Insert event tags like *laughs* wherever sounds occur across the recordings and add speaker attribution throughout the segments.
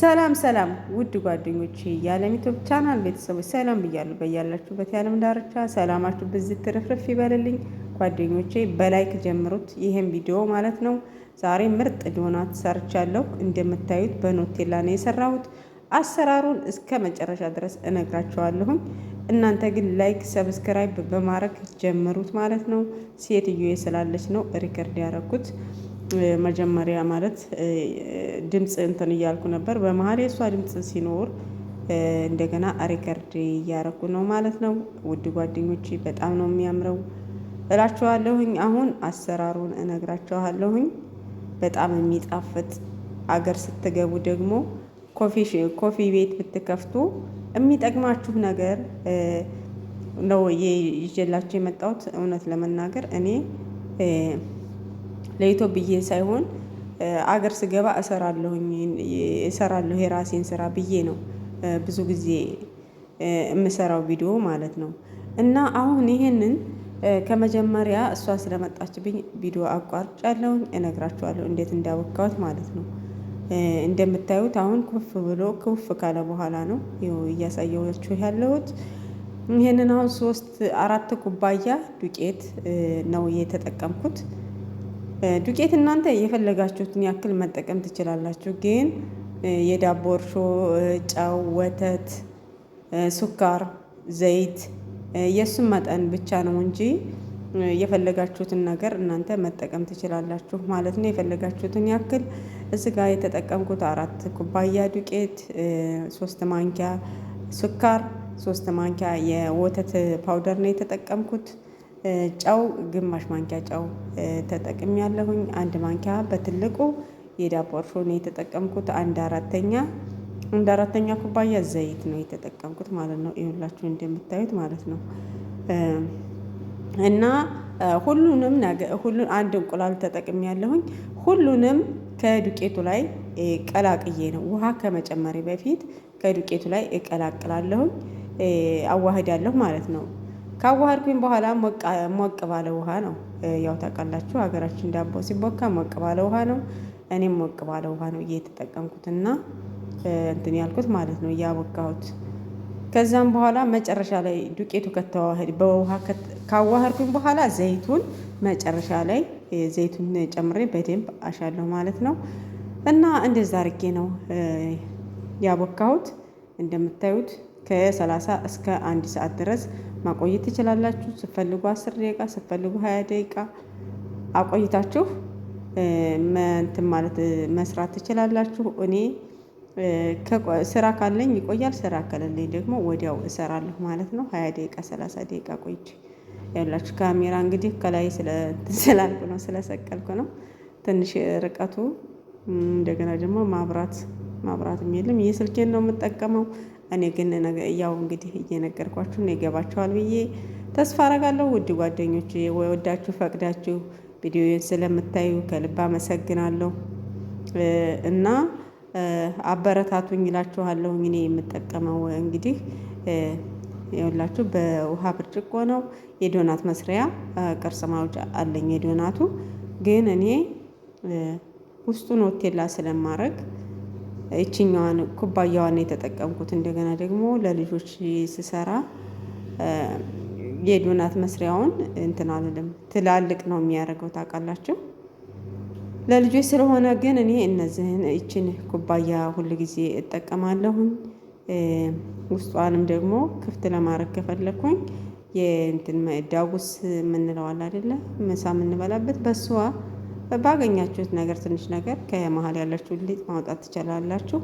Speaker 1: ሰላም ሰላም ውድ ጓደኞች የዓለም ዩቱብ ቻናል ቤተሰቦች ሰላም ብያለሁ። በያላችሁበት የዓለም ዳርቻ ሰላማችሁ ብዝት ትርፍርፍ ይበልልኝ። ጓደኞቼ በላይክ ጀምሩት ይህም ቪዲዮ ማለት ነው። ዛሬ ምርጥ ዶናት ሰርቻለሁ። እንደምታዩት በኖቴላ ነው የሰራሁት። አሰራሩን እስከ መጨረሻ ድረስ እነግራቸዋለሁም። እናንተ ግን ላይክ፣ ሰብስክራይብ በማድረግ ጀምሩት ማለት ነው። ሴትዮ ስላለች ነው ሪከርድ ያረኩት። መጀመሪያ ማለት ድምፅ እንትን እያልኩ ነበር። በመሀል የእሷ ድምፅ ሲኖር እንደገና ሪከርድ እያረኩ ነው ማለት ነው። ውድ ጓደኞቼ በጣም ነው የሚያምረው እላችኋለሁኝ። አሁን አሰራሩን እነግራችኋለሁኝ። በጣም የሚጣፍጥ አገር ስትገቡ ደግሞ ኮፊ ቤት ብትከፍቱ የሚጠቅማችሁ ነገር ነው ይዤላችሁ የመጣሁት። እውነት ለመናገር እኔ ለይቶ ብዬ ሳይሆን አገር ስገባ እሰራለሁ የራሴን ስራ ብዬ ነው ብዙ ጊዜ የምሰራው ቪዲዮ ማለት ነው። እና አሁን ይሄንን ከመጀመሪያ እሷ ስለመጣችብኝ ቪዲዮ አቋርጫለሁኝ እነግራችኋለሁ እንዴት እንዳቦካሁት ማለት ነው። እንደምታዩት አሁን ክፍ ብሎ ክፍ ካለ በኋላ ነው እያሳየኋችሁ ያለሁት። ይሄንን አሁን ሶስት አራት ኩባያ ዱቄት ነው የተጠቀምኩት። ዱቄት እናንተ የፈለጋችሁትን ያክል መጠቀም ትችላላችሁ። ግን የዳቦ እርሾ፣ ጨው፣ ወተት፣ ሱካር፣ ዘይት የእሱን መጠን ብቻ ነው እንጂ የፈለጋችሁትን ነገር እናንተ መጠቀም ትችላላችሁ ማለት ነው። የፈለጋችሁትን ያክል እዚህ ጋ የተጠቀምኩት አራት ኩባያ ዱቄት፣ ሶስት ማንኪያ ሱካር፣ ሶስት ማንኪያ የወተት ፓውደር ነው የተጠቀምኩት። ጨው ግማሽ ማንኪያ ጨው ተጠቅም ያለሁኝ አንድ ማንኪያ በትልቁ የዳቦ እርሾ ነው የተጠቀምኩት። አንድ አራተኛ አንድ አራተኛ ኩባያ ዘይት ነው የተጠቀምኩት ማለት ነው። ይሁላችሁ እንደምታዩት ማለት ነው እና ሁሉንም ሁሉ አንድ እንቁላል ተጠቅም ያለሁኝ ሁሉንም ከዱቄቱ ላይ ቀላቅዬ ነው ውሃ ከመጨመሪ በፊት ከዱቄቱ ላይ እቀላቅላለሁኝ አዋህዳለሁ ማለት ነው። ካዋሃድኩኝ በኋላ ሞቅ ባለ ውሃ ነው ያው ታውቃላችሁ ሀገራችን ዳቦ ሲቦካ ሞቅ ባለ ውሃ ነው። እኔም ሞቅ ባለ ውሃ ነው እየተጠቀምኩትና እንትን ያልኩት ማለት ነው ያቦካሁት። ከዛም በኋላ መጨረሻ ላይ ዱቄቱ ከተዋህድ በውሃ ካዋህድኩኝ በኋላ ዘይቱን መጨረሻ ላይ ዘይቱን ጨምሬ በደንብ አሻለሁ ማለት ነው። እና እንደዛ አድርጌ ነው ያቦካሁት እንደምታዩት ከ30 እስከ አንድ ሰዓት ድረስ ማቆየት ትችላላችሁ። ስትፈልጉ 10 ደቂቃ ስትፈልጉ 20 ደቂቃ አቆይታችሁ እንትን ማለት መስራት ትችላላችሁ። እኔ ስራ ካለኝ ይቆያል፣ ስራ ከሌለኝ ደግሞ ወዲያው እሰራለሁ ማለት ነው። 20 ደቂቃ 30 ደቂቃ ቆይቼ ያላችሁ ካሜራ እንግዲህ ከላይ ስላልኩ ነው ስለሰቀልኩ ነው ትንሽ ርቀቱ እንደገና ደግሞ ማብራት ማብራትም የለም። ይህ ስልኬን ነው የምጠቀመው። እኔ ግን ያው እንግዲህ እየነገርኳችሁ ነው ይገባችኋል ብዬ ተስፋ አረጋለሁ። ውድ ጓደኞች ወዳችሁ ፈቅዳችሁ ቪዲዮን ስለምታዩ ከልብ አመሰግናለሁ እና አበረታቱኝ ይላችኋለሁ። እኔ የምጠቀመው እንግዲህ ይኸውላችሁ በውሃ ብርጭቆ ነው የዶናት መስሪያ ቅርጽ ማውጫ አለኝ። የዶናቱ ግን እኔ ውስጡን ኖቴላ ስለማድረግ ይችኛዋን ኩባያዋን የተጠቀምኩት። እንደገና ደግሞ ለልጆች ስሰራ የዶናት መስሪያውን እንትን አልልም ትላልቅ ነው የሚያደርገው ታውቃላችሁ። ለልጆች ስለሆነ ግን እኔ እነዚህን ይችን ኩባያ ሁል ጊዜ እጠቀማለሁኝ። ውስጧንም ደግሞ ክፍት ለማድረግ ከፈለግኩኝ የእንትን ዳጉስ የምንለዋል አይደለ ምሳ የምንበላበት በስዋ ባገኛችሁት ነገር ትንሽ ነገር ከመሀል ያለችው ሊጥ ማውጣት ትችላላችሁ።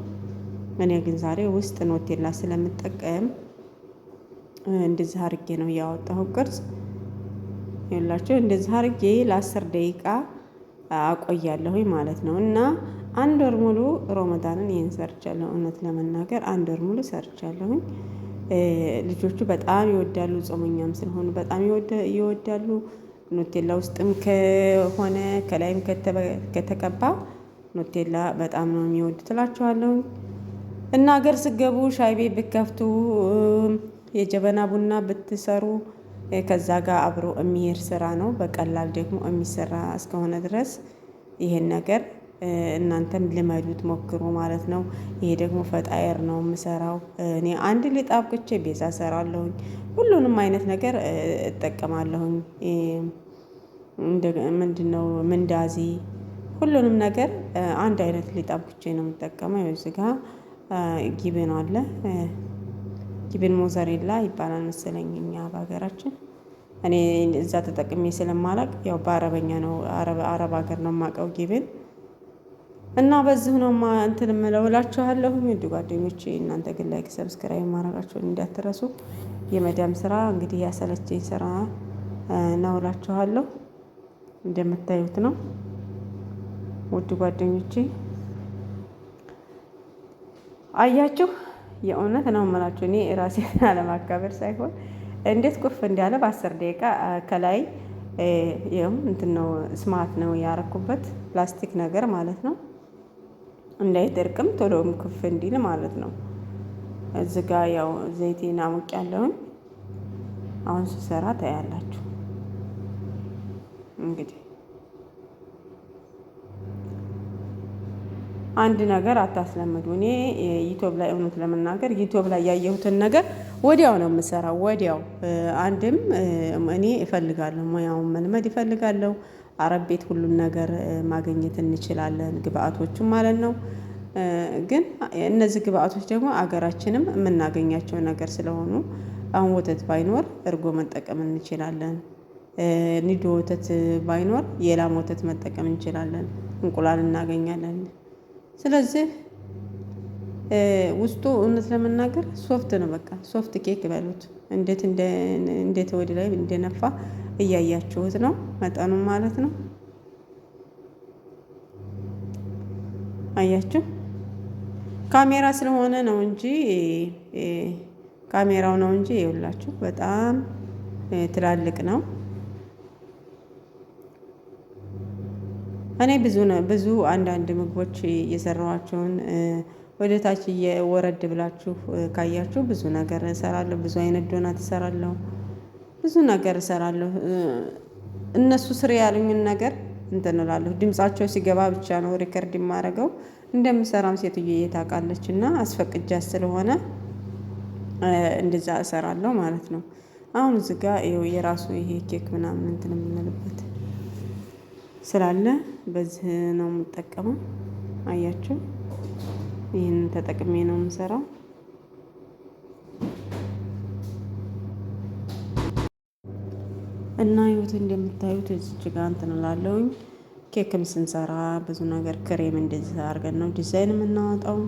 Speaker 1: እኔ ግን ዛሬ ውስጥ ኖቴላ ስለምጠቀም እንደዚህ አርጌ ነው ያወጣሁ ቅርጽ ይላችሁ። እንደዚህ አርጌ ለአስር ደቂቃ አቆያለሁ ማለት ነው እና አንድ ወር ሙሉ ሮመዳንን ይህን ሰርቻለሁ። እውነት ለመናገር አንድ ወር ሙሉ ሰርቻለሁኝ። ልጆቹ በጣም ይወዳሉ። ጾመኛም ስለሆኑ በጣም ይወዳሉ። ኖቴላ ውስጥም ከሆነ ከላይም ከተቀባ ኖቴላ በጣም ነው የሚወዱ እላችኋለሁ። እና ሀገር ስገቡ ሻይ ቤት ብከፍቱ የጀበና ቡና ብትሰሩ ከዛ ጋር አብሮ የሚሄድ ስራ ነው። በቀላል ደግሞ የሚሰራ እስከሆነ ድረስ ይሄን ነገር እናንተም ልመዱት ሞክሩ ማለት ነው። ይሄ ደግሞ ፈጣየር ነው የምሰራው እኔ አንድ ሊጥ አብቅቼ ቤዛ ሰራለሁኝ። ሁሉንም አይነት ነገር እጠቀማለሁኝ። ምንድን ነው ምንዳዚ፣ ሁሉንም ነገር አንድ አይነት ሊጣ አብቅቼ ነው የምጠቀመው። እዚህ ጋ ጊብን አለ ጊብን ሞዘሬላ ይባላል መሰለኝ እኛ በሀገራችን እኔ እዛ ተጠቅሜ ስለማላቅ ያው በአረበኛ ነው አረብ ሀገር ነው የማውቀው ጊብን እና በዚህ ነው ማ እንትን እምለው እላችኋለሁ። ውድ ጓደኞቼ እናንተ ግን ላይክ፣ ሰብስክራይብ ማድረጋችሁን እንዳትረሱ። የመዳም ስራ እንግዲህ ያሰለቸኝ ስራ ነው እላችኋለሁ። እንደምታዩት ነው ውድ ጓደኞቼ አያችሁ፣ የእውነት ነው የምላችሁ። እኔ ራሴን *laughs* አለማካበር ሳይሆን እንዴት ቁፍ እንዳለ በአስር ደቂቃ ከላይ ይኸው እንትን ነው ስማት ነው ያረኩበት ፕላስቲክ ነገር ማለት ነው። እንዳይደርቅም ቶሎም ክፍ እንዲል ማለት ነው። እዚ ጋ ያው ዘይቴን አሞቅ ያለውን አሁን ስሰራ ታያላችሁ። እንግዲህ አንድ ነገር አታስለምዱ። እኔ ዩቱብ ላይ እውነት ለመናገር ዩቱብ ላይ ያየሁትን ነገር ወዲያው ነው የምሰራው። ወዲያው አንድም እኔ እፈልጋለሁ፣ ሙያውን መልመድ እፈልጋለሁ። አረብ ቤት ሁሉን ነገር ማግኘት እንችላለን፣ ግብአቶቹም ማለት ነው። ግን እነዚህ ግብአቶች ደግሞ አገራችንም የምናገኛቸው ነገር ስለሆኑ አሁን ወተት ባይኖር እርጎ መጠቀም እንችላለን። ኒዶ ወተት ባይኖር የላም ወተት መጠቀም እንችላለን። እንቁላል እናገኛለን። ስለዚህ ውስጡ እውነት ለመናገር ሶፍት ነው። በቃ ሶፍት ኬክ በሉት። እንዴት እንዴት ወደ ላይ እንደነፋ እያያችሁት ነው፣ መጠኑ ማለት ነው። አያችሁ፣ ካሜራ ስለሆነ ነው እንጂ ካሜራው ነው እንጂ ይኸውላችሁ፣ በጣም ትላልቅ ነው። እኔ ብዙ ብዙ አንዳንድ ምግቦች እየሰራኋቸውን ወደ ታች እየወረድ ብላችሁ ካያችሁ ብዙ ነገር እሰራለሁ። ብዙ አይነት ዶናት እሰራለሁ። ብዙ ነገር እሰራለሁ። እነሱ ስር ያሉኝን ነገር እንትን እላለሁ። ድምጻቸው ሲገባ ብቻ ነው ሪከርድ የማደርገው። እንደምሰራም ሴትዮ ታውቃለች እና አስፈቅጃ ስለሆነ እንደዛ እሰራለሁ ማለት ነው። አሁን እዚህ ጋ ይኸው የራሱ ይሄ ኬክ ምናምን እንትን የምንልበት ስላለ በዚህ ነው የምጠቀመው። አያችሁ ይህንን ተጠቅሜ ነው የምሰራው። እና ህይወት እንደምታዩት እዚች ጋ እንትን እላለሁኝ። ኬክም ስንሰራ ብዙ ነገር ክሬም እንደዚህ አድርገን ነው ዲዛይን የምናወጣው።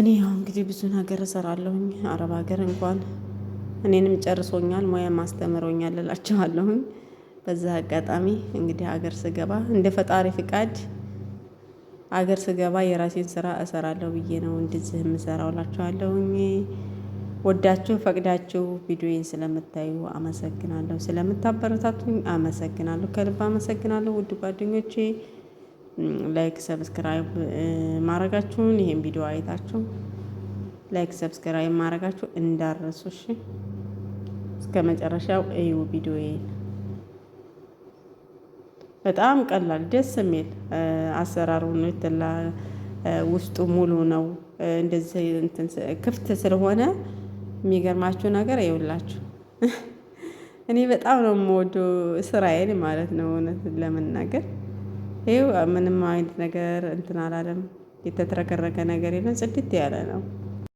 Speaker 1: እኔ ያው እንግዲህ ብዙ ነገር እሰራለሁኝ። አረብ ሀገር እንኳን እኔንም ጨርሶኛል፣ ሙያም አስተምሮኛል እላቸዋለሁኝ። በዛ አጋጣሚ እንግዲህ ሀገር ስገባ እንደ ፈጣሪ ፍቃድ አገር ስገባ የራሴን ስራ እሰራለሁ ብዬ ነው እንድዝህ የምሰራው ወዳችሁ ፈቅዳችሁ ቪዲዮዬን ስለምታዩ አመሰግናለሁ። ስለምታበረታቱኝ አመሰግናለሁ። ከልብ አመሰግናለሁ ውድ ጓደኞቼ። ላይክ ሰብስክራይብ ማድረጋችሁን ይሄን ቪዲዮ አይታችሁ ላይክ ሰብስክራይብ ማድረጋችሁ እንዳረሱሽ እስከ መጨረሻው እዩ ቪዲዮዬን። በጣም ቀላል ደስ የሚል አሰራሩ ሆኖ የተላ ውስጡ ሙሉ ነው። እንደዚህ ክፍት ስለሆነ የሚገርማችሁ ነገር ይኸውላችሁ *laughs* እኔ በጣም ነው የምወደው ስራዬን ማለት ነው። እውነት ለመናገር ይኸው ምንም አይነት ነገር እንትን አላለም። የተትረከረከ ነገር የለም። ጽድት ያለ ነው።